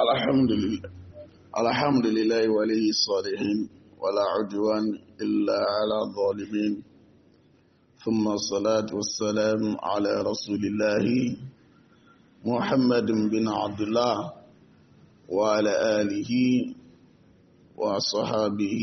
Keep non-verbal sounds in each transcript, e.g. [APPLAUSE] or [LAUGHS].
الحمد لله الحمد لله ولي الصالحين ولا عدوان إلا على الظالمين ثم الصلاة والسلام على رسول الله محمد بن عبد الله وعلى آله وصحابه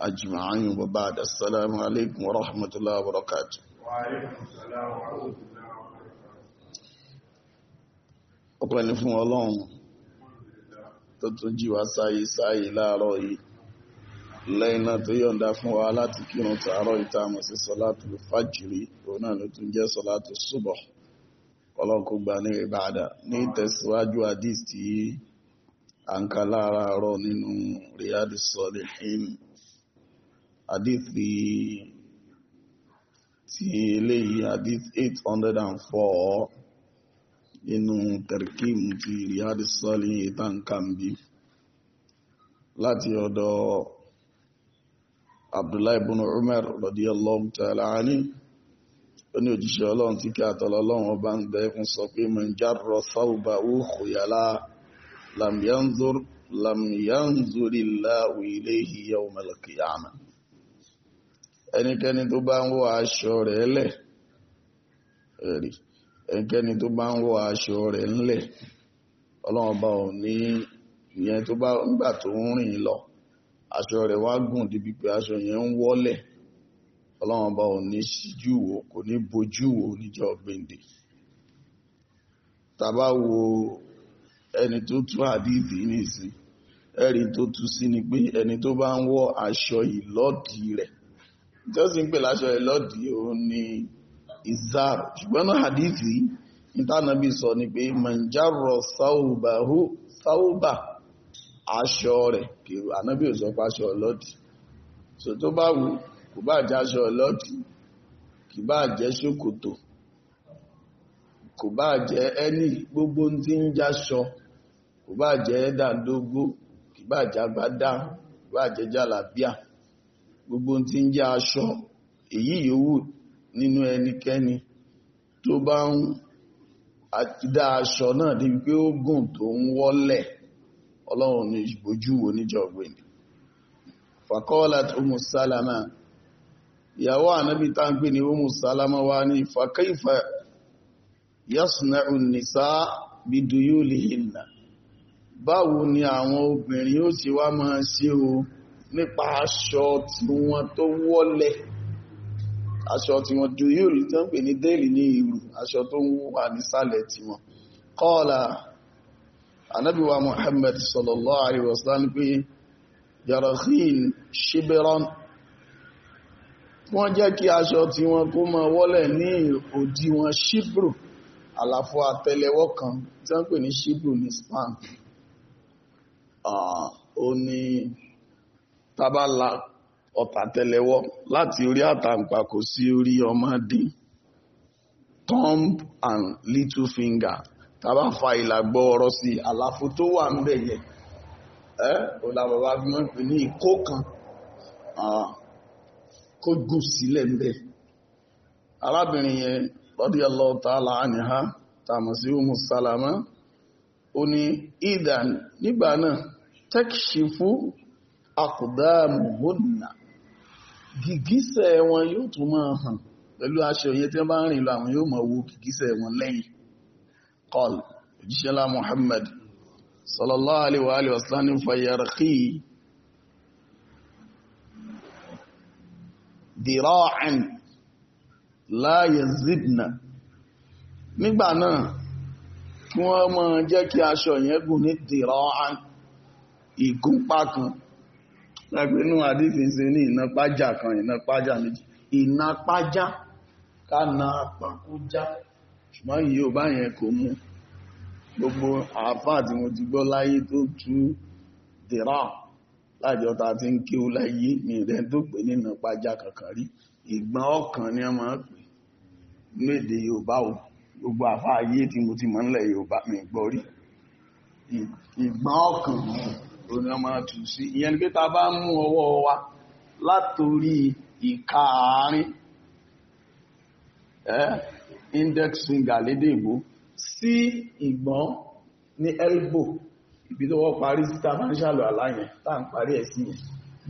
أجمعين وبعد السلام عليكم ورحمة الله وبركاته وعليكم السلام ورحمة الله ọpẹ́ ni fún ọlọ́run tó tún jí wa sáyé sáyé láàárọ̀ yìí lẹ́yìn náà tó yọ̀ǹda fún wa láti kírun tààrọ̀ ìta mọ̀ sí sọ́látù fàjìrí òun náà ló tún jẹ́ sọ́látù súbọ̀ ọlọ́run kó gbà ní ìbàdà ní ìtẹ̀síwájú àdìs tí à ń ka láàárọ̀ nínú ríádù sọ́lìhìn àdìs ti eléyìí àdìs 804 nínú tẹ̀rkìm ti ríádì sọ́lì ìtànkàmbí láti ọ̀dọ̀ abdullahi ibn umar radiyallahu ta'ala ani ó ní òjíṣẹ́ ọlọ́run tí kí àtọ̀lọ́ ọlọ́run ọba ń bẹ fún sọ pé man jarra thawbahu khuyala lam yanzur lam yanzurillahu ilayhi yawmal qiyamah ẹnikẹ́ni tó bá ń wọ aṣọ rẹ̀ lẹ̀ rí ẹnikẹ́ni tó bá ń wọ aṣọ rẹ̀ ńlẹ̀ ọlọ́run bá ò ní ìyẹn tó bá nígbà tó ń rìn lọ aṣọ rẹ̀ wá gùn débi pé aṣọ yẹn ń wọ́lẹ̀ ọlọ́run bá ò ní síjú wò kò ní bojú wò níjọ́ gbèǹde tàbá wo ẹni tó tú àdìdì nìsín ẹ̀rí tó tú sí ni pé ẹni tó bá ń wọ aṣọ ìlọ́dì rẹ̀ tí pè láṣọ ìlọ́dì òun ni. izar ṣùgbọ́n náà hadithi ìtànàbí sọ ni pé manjaro sauba aṣọ rẹ̀ kìrò ànábì ò sọ pé aṣọ ọlọ́dì so tó bá wù kò bá jẹ́ aṣọ ọlọ́dì bá jẹ́ ṣòkòtò kò bá jẹ́ ẹni gbogbo tí ń j'aṣọ, kò bá jẹ́ nínú ẹnikẹ́ni tó bá ń dá aṣọ náà débi pé ó gùn tó ń wọ́lẹ̀ ọlọ́run ní ìbójú wo níjọ̀gbìn fàkọ́ọ́lá Ummu Salama ìyàwó ànábì tá ń pè ní Ummu Salama wá ní fàkẹ́ìfà yasna'u nìsá biduyulihinna báwo ni àwọn obìnrin ó ti wá máa ṣe o nípa aṣọ tí wọ́n tó wọ́lẹ̀ aṣọ tí wọ́n ju yóò rí tán pè ní déèlì ní ìrù aṣọ tó ń wà nísàlẹ̀ tí wọ́n kọ́ọ̀lá anábíwá Muhammad sallallahu alaihi wasallam pé jarahil shibiran wọ́n jẹ́ kí aṣọ tí wọ́n kó mọ wọ́lẹ̀ ní òdiwọ̀n shibru àlàfo àtẹlẹwọ́ kan tí wọ́n pè ní shibru ní span ah, ó ní tabalak ọ̀tàtẹ̀lẹ̀wọ́ láti orí kò sí orí ọmọdé thumb and little finger tàbá fa ìlàgbọ́ ọ̀rọ̀ sí àlàfo tó wà ń bẹ̀ yẹ ẹ́ ọ̀làbàbà fi mọ́ pè ní ìkó kan kó gùn sílẹ̀ ń bẹ̀ arábìnrin yẹn sí Umu Salama ó ní nígbà náà gìgísẹ̀ wọn yóò tún máa hàn pẹ̀lú aṣọ yẹn tí wọ́n bá ń rìn lọ àwọn yóò máa wo gìgísẹ̀ wọn lẹ́yìn kọl òjíṣẹ́lá Muhammad sallallahu alaihi wa alihi wasallam fayarqi dira'an la ìgúnpá kan lágbénú àdífínsẹ ní iná pájá kan iná pájá méjì iná pájá kánà àpàkújá ṣùgbọ́n yìí ò bá yẹn kò mú gbogbo àáfàá tí mo ti gbọ́ láyé tó tú dìrá lájọ ta ti ń kéwú láyé mi rẹ̀ tó pè ní iná pájá kankan rí ìgbọ́n ọkàn ni a máa ń pè léde Yorùbá o gbogbo àáfàá ayé tí mo ti mọ̀ nílẹ̀ Yorùbá mi gbọ́ rí ìgbọ́n ọkàn òun náà máa tù sí ìyẹn ni pé ta bá mú ọwọ́ wa látòrí ìka àárín index finger lédè sí ìgbọ́n ní elbow ibi tó wọ́n parí síta máa ń ṣàlọ̀ aláyẹn tá ń parí ẹ̀ sí yẹn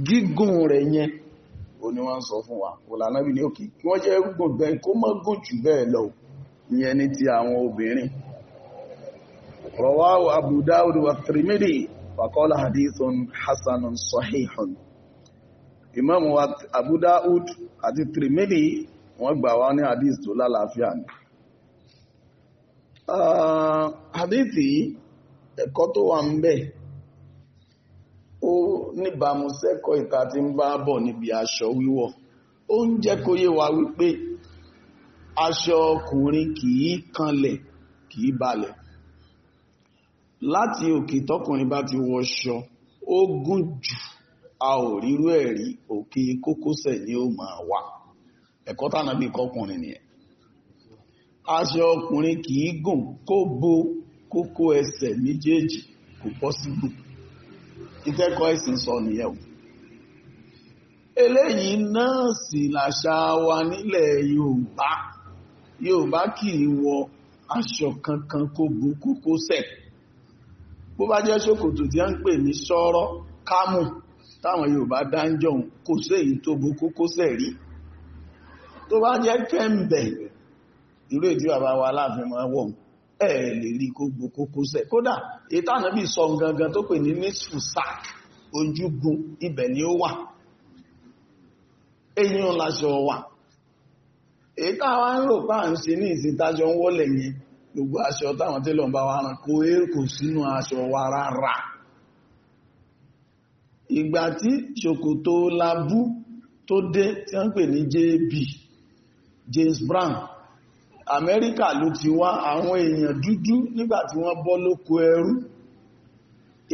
gígùn rẹ̀ yẹn ó ní wọ́n ń sọ fún wa òlànà bí ní òkè kí wọ́n jẹ́ gùn bẹ́ẹ̀ kó mọ́ gùn jù bẹ́ẹ̀ lọ ìyẹn ní ti àwọn obìnrin rọwá Abu Dawud wa Tirmidhi fàkọ́lá hadithun hasanun sahihun imam wa abu da'ud àti trimidi wọ́n gbà wá ní hadith tó lálàáfíà ni ah, hadithi ẹ̀kọ́ tó wà ń bẹ̀ ó níbàámu sẹ́kọ̀ọ́ ìta tí ń bá bọ̀ níbi aṣọ wíwọ̀ ó ń jẹ́ kó yé wa wípé aṣọ ọkùnrin kì í kanlẹ̀ kì í balẹ̀ láti òkè tọkùnrin bá ti wọṣọ ó gùn jù a ò rírú ẹ̀ rí òkè kókósẹ̀ ni ó máa wà ẹ̀kọ́ tánà bí kọkùnrin nìyẹn aṣọ ọkùnrin kì í gùn kó bo kókó ẹsẹ̀ méjèèjì kò pọ́síbù ìtẹ́kọ̀ọ́ ẹ̀sìn sọ nìyẹn o eléyìí náà sì làṣà wa nílẹ̀ Yorùbá Yorùbá kì í wọ aṣọ kankan kó bu kókósẹ̀ bó bá jẹ́ ṣòkòtò tí a ń pè ní sọ́rọ́ kámù táwọn Yorùbá dánjọun kò sí èyí tó bo kókósẹ̀ rí tó bá jẹ́ kẹ́ǹbẹ̀ ìlú èdè bàbá wa láàfin máa wọ̀ ẹ̀ lè rí kó bo kókósẹ̀ kódà ìtànà bí sọ gangan tó pè ní nisfu ojúgun ibẹ̀ ni ó wà eyín ńlá ṣọ wà èyí táwa ń rò páà ń ṣe ní ìsintájọ ń wọ́lẹ̀ yẹn gbogbo aṣọ táwọn tí lọ bá wa rán kó èrò sínú aṣọ wa rárá ìgbà tí ṣòkòtò labú tó dé tí wọ́n pè ní JB James Brown Amẹ́ríkà ló ti wá àwọn èèyàn dúdú nígbà tí wọ́n bọ́ lóko ẹrú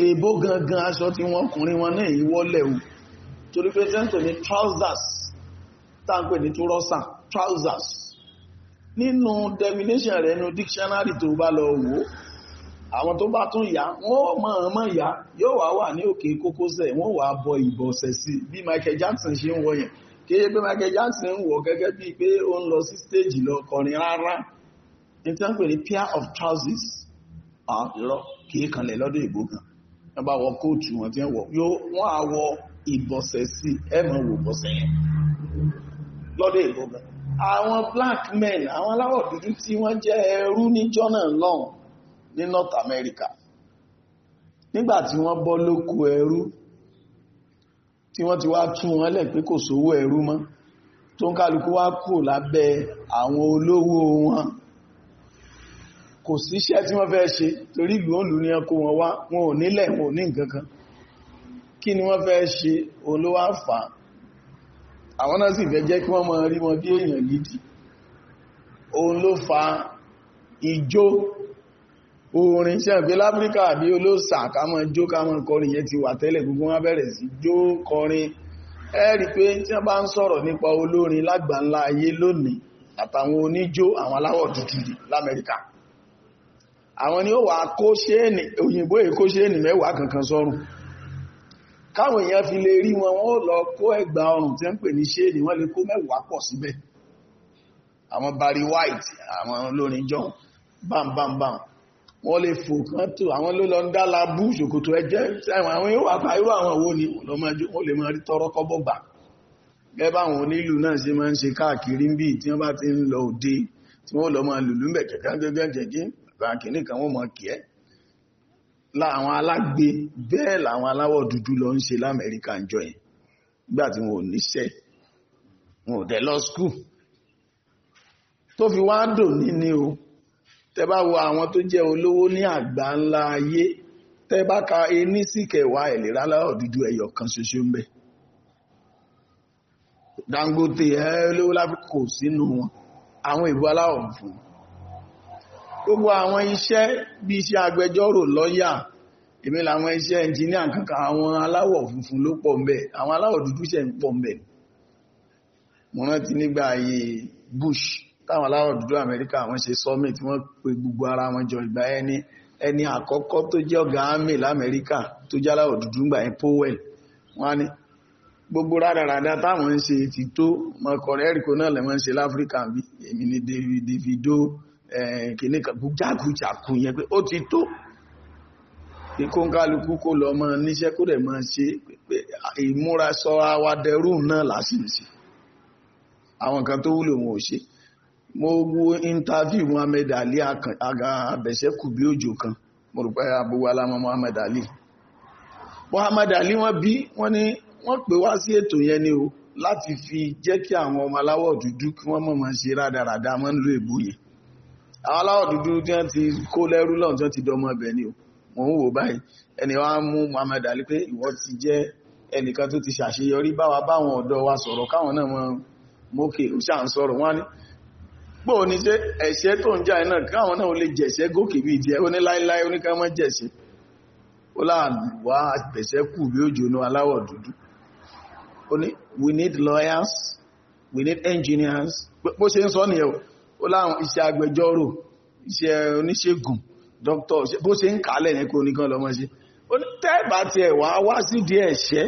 èbó gangan aṣọ tí wọ́n kùnrin wọn náà ìwọ́lẹ̀ o torí pé ní trousers tá ń pè ní túrọ́sà trousers nínú definition rẹ̀ nínú dictionary tó bá lọ wò àwọn tó bá tún yá wọn ò mọ̀ ọmọ yá yóò wá wà ní òkè kókósẹ̀ wọn wà bọ ìbọ̀sẹ̀ sí bí Michael Jackson ṣe ń wọ yẹn kéye pé Michael Jackson ń wọ gẹ́gẹ́ bíi pé ó ń lọ sí stage lọ kọrin rárá ní tí wọ́n pè ní pair of trousers àrọ kìí kanlẹ̀ lọ́dọ̀ ìbò kan wọ́n bá wọ kóòtù wọn tí wọ́n wọ́n á wọ ìbọ̀sẹ̀ sí ẹ̀mọ̀ wò bọ̀sẹ̀ yẹn lọ́dọ̀ àwọn black men àwọn aláwọ̀ dúdú tí wọ́n jẹ́ ẹrú ní jọ́nà lọ́hùn ní North America nígbà tí wọ́n bọ́ lóko ẹrú tí wọ́n ti wá tún wọn lẹ̀ pé kò sówó ẹrú mọ́ tó ń kálukú wá kúrò lábẹ́ àwọn olówó wọn kò síṣẹ́ tí wọ́n fẹ́ ṣe torí ìlú òlù ní ẹkọ wọn wá wọn ò nílẹ̀ wọn ò ní nǹkan kan kí ni wọ́n fẹ́ ṣe olówó àǹfààní àwọn náà sì fẹ́ jẹ́ kí wọ́n mọ̀ rí wọn bí èèyàn gidi òun ló fa ijó orin ṣe àgbé láfíríkà bí olóòsà ká mọ́ jó ká mọ́ kọrin yẹn ti wà tẹ́lẹ̀ gbogbo wọn bẹ̀rẹ̀ sí jó kọrin ẹ́rì pé tí wọ́n bá ń sọ̀rọ̀ nípa olórin lágbàńlá ayé lónìí àtàwọn oníjó àwọn aláwọ̀ dúdú l'Amẹ́ríkà àwọn ni ó wà kó ṣéènì òyìnbó èkó ṣéènì mẹ́wàá kankan sọ́rùn káwọn èèyàn fi lè rí wọn wọ́n lọ kó ẹ̀gbà ọrùn tí ń pè ní ṣe ni wọ́n lè kó mẹ́wàá pọ̀ síbẹ̀ àwọn Barry White àwọn olórin John bam bam bam wọ́n lè fò kán tó àwọn ló lọ ń dá labú ṣòkòtò ẹ̀jẹ̀ àwọn yóò wà pa irú àwọn owó ni wọ́n lè máa rí tọrọ kọ́bọ̀ gbà gẹ́bà àwọn onílù náà ṣe máa ń ṣe káàkiri ń tí wọ́n bá ti ń lọ òde tí wọ́n lọ máa lùlú mẹ̀kẹ̀kẹ́ gẹ́gẹ́ jẹ́gẹ́ láwọn alágbe bẹ́ẹ̀ làwọn aláwọ̀ dúdú lọ ń ṣe lamẹ́ríkà ń jọ yẹn nígbà tí wọn ò níṣẹ́ wọn ò dẹ̀ lọ skul tó fi wá dùn níní o tẹ bá wo àwọn tó jẹ́ olówó ní àgbà ńlá ayé tẹ bá ka ení sí kẹwàá ìlera aláwọ̀ dúdú ẹyọ kan ṣoṣo ń bẹ Dangote ẹ olówó láfi kò sínú wọn àwọn ìbú aláwọ̀ fún un gbogbo àwọn iṣẹ́ bí iṣẹ́ agbẹjọ́rò lọ́yà èmi làwọn iṣẹ́ ẹnjìníà kankan àwọn aláwọ̀ funfun ló pọ̀ mbẹ̀ àwọn aláwọ̀ dúdú ṣẹ̀ ń pọ̀ mbẹ̀ mo rántí nígbà ayé Bush táwọn aláwọ̀ dúdú Amẹ́ríkà wọ́n ṣe summit wọ́n pe gbogbo ara wọn jọ ìgbà ẹni ẹni àkọ́kọ́ tó jẹ́ ọ̀gá àmì l'Amẹ́ríkà tó jẹ́ aláwọ̀ dúdú ńgbà yẹn Powell wọ́n ní gbogbo rádaràdá táwọn ń ṣe ti tó mọ̀kọ̀rẹ́ náà lẹ́wọ́n ń ṣe láfíríkà bí èmi ni Davido Eh, kìíní kan jákujàku yẹn pé ó ti tó ní kó ń kálukú kó lọ mọ níṣẹ́ kó dẹ̀ máa ṣe ìmúra sọra wa dẹrú náà lásìsì àwọn kan tó wúlò wọn ò ṣe mo wo interview Muhammad Ali abẹ̀ṣẹ́kù bí òjò kan mo rò pé àbúwá lámọ́ Muhammad Ali Muhammad Ali wọ́n bí wọ́n ní wọ́n pè wá sí ètò yẹn ni o láti fi jẹ́ kí àwọn ọmọ aláwọ̀ dúdú kí wọ́n mọ̀ máa ṣe rádaràda máa ń lo ègbò yẹn àwọn aláwọ̀ dúdú tí wọ́n ti kó lẹ́rú lọ́n tí wọ́n ti dọmọ ẹbẹ̀ ni mò ń wò báyìí ẹni wá mú Muhammad Ali pé ìwọ ti jẹ́ ẹnìkan tó ti ṣàṣeyọrí báwa báwọn ọ̀dọ́ wa sọ̀rọ̀ káwọn náà mọ mókè òṣà ń sọ̀rọ̀ wọ́n ní pò ní ṣe ẹ̀ṣẹ̀ tó ń jà we need lawyers we need engineers bó ṣe ń sọ nìyẹn ó láwọn iṣẹ́ agbẹjọ́rò iṣẹ́ oníṣègùn dókítọ̀ bó ṣe ń kálẹ̀ ní kò nìkan lọ́mọ sí tẹ́ẹ̀bà ti ẹ̀ wá wá sí di ẹ̀ṣẹ́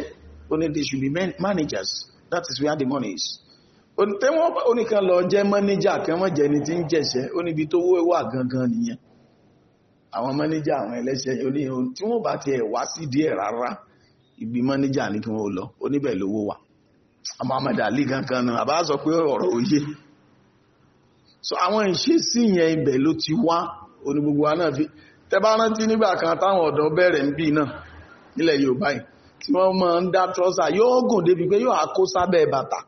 ó ní they should be managers that is where the money is tẹ́wọ́n oníkan lọ jẹ́ mọ́níjà kí wọ́n jẹ́ ni tí ń jẹ̀ṣẹ́ ó níbi tó wó wà gangan nìyẹn àwọn mọ́níjà àwọn ẹlẹ́ṣẹ̀ oníhun tí wọ́n bá ti ẹ̀ wá sí díẹ̀ rárá ibi mọ́níjà ní kí wọ́n lọ oníbẹ̀ lówó wà àmọ́ àmàdà lì gangan náà àbá sọ pé ọ̀rọ̀ òye so àwọn ìṣesí yẹn ibẹ̀ ló ti wá oní gbogbo wa náà fi tẹ́bá rántí nígbà kan táwọn ọ̀dọ́ bẹ̀rẹ̀ ń bì náà nílẹ̀ Yorùbá yìí tí wọ́n máa ń dá trọ́sà yóò gùn débi pé yóò àkó sábẹ́ bàtà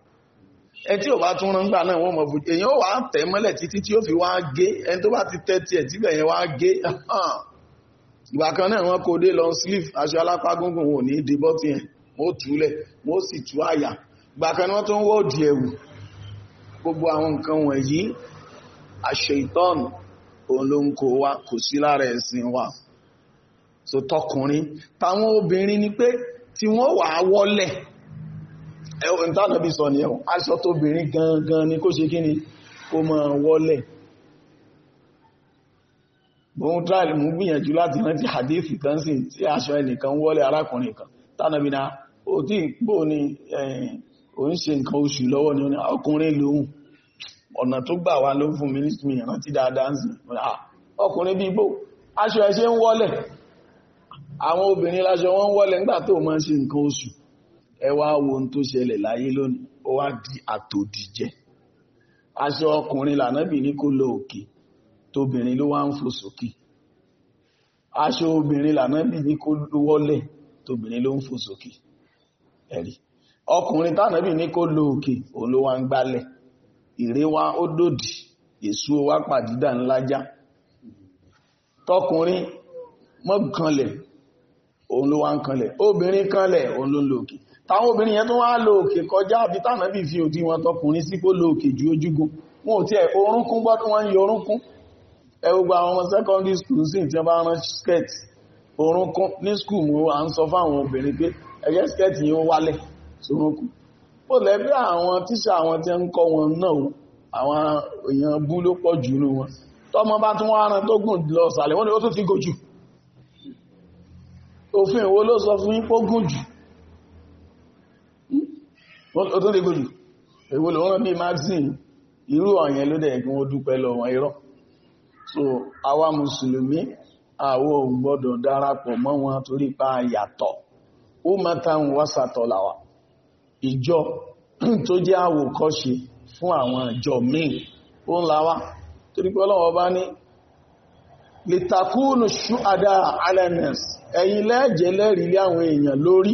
ẹ tí ò bá tún rán gbà náà wọ́n mọ̀ fún èyàn ó wà tẹ̀ mọ́lẹ̀ títí tí ó fi wá gé ẹni tó bá ti tẹ́ tiẹ̀ tíbẹ̀ yẹn wá gé [LAUGHS] ìgbà kan náà wọ́n kó dé long sleeve aṣọ alápá gúngùn wọn ò ní dé bọ́tì yẹn wọ́n ó túlẹ̀ wọ́n ó sì tú àyà ìgbà kan ni wọ́n tó wọ́ọ̀dì ẹ̀wù gbogbo àwọn nǹkan wọ̀nyí àṣẹ ìtọ́nù òun ló ń kó wa kò sí lára ẹ̀sìn wa so tọkùnrin táwọn obìnrin ni pé tí wọ́n wà á wọlẹ̀ ẹ̀wọ̀n ìtànàbí sọ ni ẹ̀wọ̀n aṣọ tóbìnrin gangan ni kó ṣe kí ni kó máa wọlẹ̀ bóhun tráìlì mú gbìyànjú láti rántí hadithi kan sí tí aṣọ ẹnìkan wọlé arákùnrin kan tánàbínà ó tí ìpò ní ẹ̀yìn ah, òun eh, ṣe nǹkan oṣù lọ́wọ́ ni ah, ọkùnrin lòun ọ̀nà tó gbà wá ló fún mínísítì ìrántí dáadáa ń sìn ọkùnrin bí igbó aṣọ ẹ̀ ṣe ń wọ́lẹ̀ àwọn obìnrin láṣọ wọ́n ń wọ́lẹ̀ tó máa ń nǹkan oṣù ẹ wo ohun tó ṣẹlẹ̀ láyé lónìí ó wá di àtòdìjẹ aṣọ ọkùnrin lànàbì ní kó lọ òkè tóbìnrin ló wá ń fò sókè aṣọ obìnrin lànàbì ní kó wọ́lẹ̀ tóbìnrin ló ń fò sókè ẹ̀rí òun ló wá ń gbálẹ̀ ìréwá ó dòdì èso wá pàdídà ńlájá tọkùnrin mọ́ kanlẹ̀ òun ló wá ń kanlẹ̀ obìnrin kanlẹ̀ òun ló ń lo òkè táwọn obìnrin yẹn tó wá lo òkè kọjá àbí tánà bí fi òdí wọn tọkùnrin sí kó lo òkè ju ojúgun wọn ò tiẹ̀ orúnkún gbọ́dún wọn ń yọ orúnkún ẹ gbogbo àwọn ọmọ secondary school sí ìtí wọn bá skirt orúnkún ní school mo à ń sọ fáwọn obìnrin pé ẹ̀yẹ́ skirt yìí ó wálẹ̀ sórúnkún mọ̀lẹ́bí àwọn tíṣà àwọn tí ń kọ́ wọn náà o àwọn èèyàn bú ló pọ̀ jù ní wọn tọ́mọ bá tún wọ́n rán tó gùn lọ sàlẹ̀ wọ́n ni ó tún ti gòjù òfin ìwó ló sọ fún ipò gùn jù ó tún ti gòjù èwo ló rán bí maxine irú ọ̀yẹn ló dẹ̀ kí wọ́n dúpẹ́ lọ wọn irọ́ so àwa mùsùlùmí àwọn ò gbọ́dọ̀ darapọ̀ mọ́ wọn torí pa yàtọ̀ ó mọ́ta ń wá sàtọ̀ làwà ìjọ [CLEARS THROAT] tó jẹ́ àwòkọ́ṣe fún àwọn ìjọ míì ó ń láwá torí pé ọlọ́wọ́ bá ní litakunu ṣúadá alanas ẹ̀yin lẹ́ẹ̀jẹ́ lẹ́rìí lé àwọn èèyàn lórí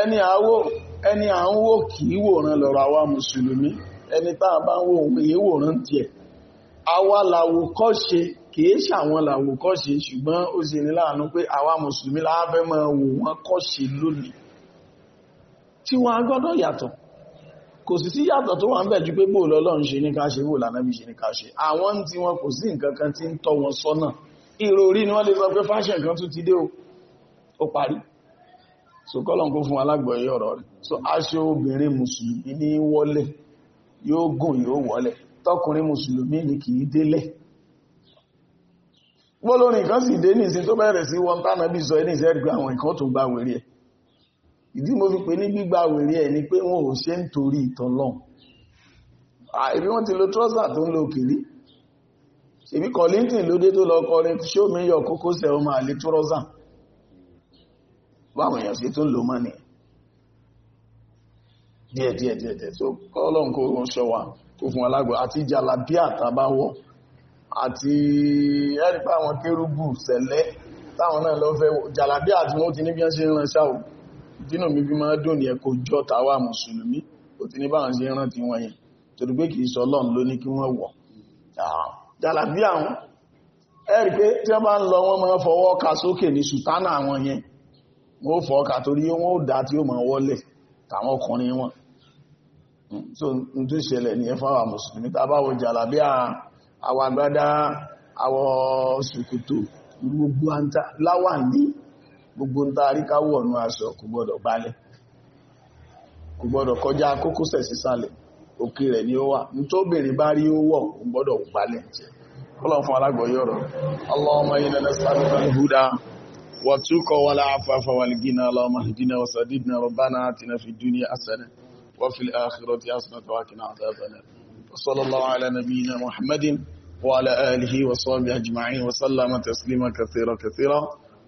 ẹni àwò ẹni à ń wò kì í wòran lọ́rọ̀ àwa mùsùlùmí ẹni tá a bá ń wò èyí wòran tiẹ̀ àwa làwòkọ́ṣe kìí ṣàwọn làwòkọ́ṣe ṣùgbọ́n ó sì ní láàánú pé àwa mùsùlùmí láàbẹ́ máa wò wọ́n kọ́ṣe lónìí tí wọ́n agbọ́dọ̀ yàtọ̀ kò sì sí yàtọ̀ tó wà ń bẹ̀ ju pé bóòlọ́ lọ́n ṣe ní ká ṣe bóòlọ́ ànábì ṣe ní ká ṣe àwọn tí wọn kò sí nǹkan kan tí ń tọ́ wọn sọ́nà ìròrí ni wọ́n lè sọ pé fashion kan tún ti dé o ó parí so kọ́lọ̀ kó fún alágbọ̀ọ́yé ọ̀rọ̀ rẹ̀ so aṣọ obìnrin mùsùlùmí ní wọlẹ̀ yóò gùn yóò wọlẹ̀ tọkùnrin mùsùlùmí ni kì í délẹ̀ gbọ́lórin kan sì dé nìsín tó bẹ̀rẹ̀ sí wọn tánàbí sọ ẹni ìṣẹ́rí pé àwọn nǹkan tó gbà wèrè ẹ̀ ìdí mo fi pè ní gbígba wèrè ẹ̀ ni pé wọn ò ṣe ń torí ìtọ́lọ́n ìbí wọ́n ti lo trọ́sà tó ń lo òkèlí ìbí kọ̀lìntìn ló tó lọ kọrin show me your kókósẹ̀ ọmọ àlè trọ́sà báwọn èèyàn sí tó ń lo mọ́ni díẹ̀díẹ̀díẹ̀ tó kọ́lọ́n kó ń ṣọwà kó fún alágbọ̀ àti jàlábí àtàbáwọ̀ àti ẹ̀rí pé àwọn kérúbù sẹ̀lẹ̀ táwọn náà lọ fẹ́ jàlábí àti wọ́n ti ní bí ṣe ń ránṣáwò dínà mi fi máa dùn ní ẹkọ jọ tàwa mùsùlùmí kò ti ní bá ń ṣe rántí wọn yẹn torí pé kìí sọ lọ́n ló ní kí wọ́n wọ̀ jàlàbí àwọn ẹ̀rì pé tí wọ́n bá ń lọ wọ́n máa fọwọ́ ka sókè ní sùtánà àwọn yẹn wọ́n fọ́ ka torí wọ́n ó dá tí ó máa wọlẹ̀ tàwọn ọkùnrin wọn hmm, so n tó ṣẹlẹ̀ ní ẹfà àwọn mùsùlùmí tá bá wọ jàlàbí àwọn agbádá àwọn ṣòkòtò gbogbo láwà ní gbogbo ń ta àríká wọ̀nú aṣọ kò gbọ́dọ̀ balẹ̀ kò gbọ́dọ̀ kọjá kókósẹ̀ sísàlẹ̀ òkè rẹ̀ ni ó wà nítòbìnrin bá rí ó wọ̀ kò gbọ́dọ̀ balẹ̀ jẹ́ ọlọ́run fún alágbọ̀yé ọ̀rọ̀ Allahumma inna nas'aluka al-huda والتقى والعفاف والغنى اللهم اهدنا وسددنا ربنا